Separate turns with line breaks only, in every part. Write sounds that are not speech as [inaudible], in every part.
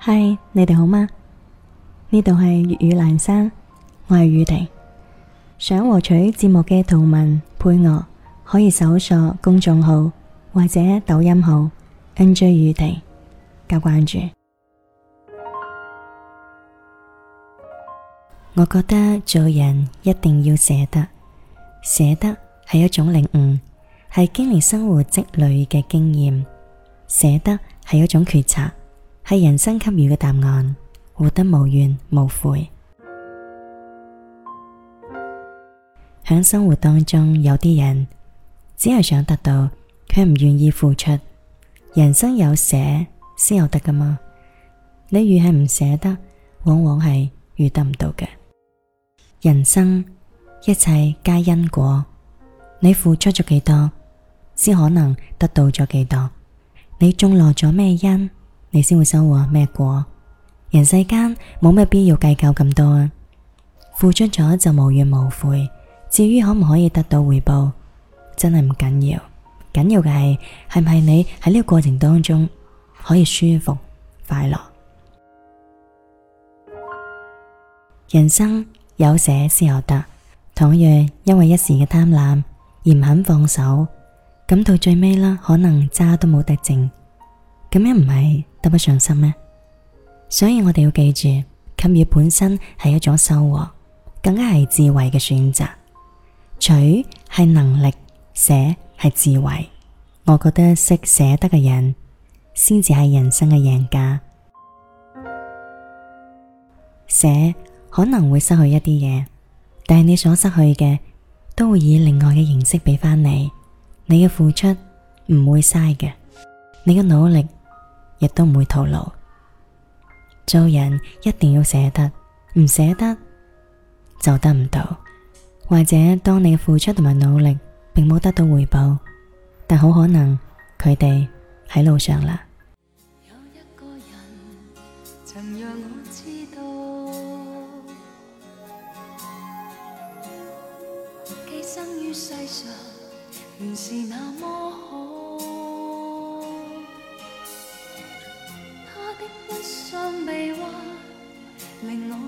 嗨，Hi, 你哋好嗎？呢度係粵語蘭山，我係宇婷。想獲取節目嘅圖文配樂，可以搜索公眾號或者抖音號 NJ 宇婷加關注。我覺得做人一定要捨得，捨得係一種領悟，係經歷生活積累嘅經驗。捨得係一種抉擇。係人生給予嘅答案，活得無怨無悔。響生活當中，有啲人只係想得到，卻唔願意付出。人生有捨先有得噶嘛。你越係唔捨得，往往係越得唔到嘅。人生一切皆因果，你付出咗幾多，先可能得到咗幾多。你種落咗咩因？你先會收穫咩果？人世間冇咩必要計較咁多，付出咗就無怨無悔。至於可唔可以得到回報，真係唔緊要，緊要嘅係係唔係你喺呢個過程當中可以舒服快樂。 [music] 人生有捨先有得，倘若因為一時嘅貪婪而唔肯放手，咁到最尾啦，可能渣都冇得剩。咁樣唔係得不償失咩？所以我哋要記住，給予本身係一種收穫，更加係智慧嘅選擇。取係能力，捨係智慧。我覺得識捨得嘅人，先至係人生嘅贏家。捨可能會失去一啲嘢，但係你所失去嘅，都會以另外嘅形式俾翻你。你嘅付出唔會嘥嘅，你嘅努力，亦都唔會徒勞。做人一定要捨得，唔捨得就得唔到，或者當你嘅付出同埋努力並冇得到回報，但好可能佢哋喺路上啦。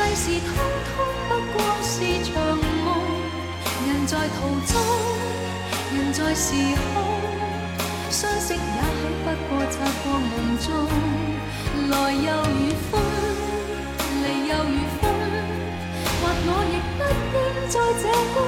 世事通通不過是場夢，人在途中，人在時空，相識也許不過擦過夢中，來又如風，離又如風，或我亦不應在這。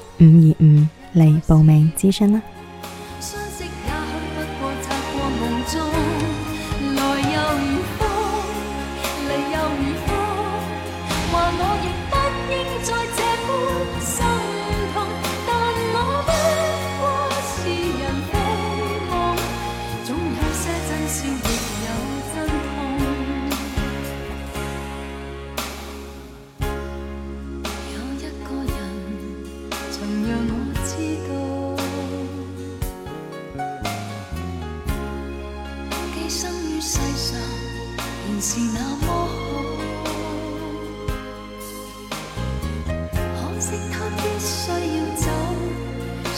五二五嚟報名諮詢啦！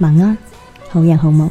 晚安，好人好夢。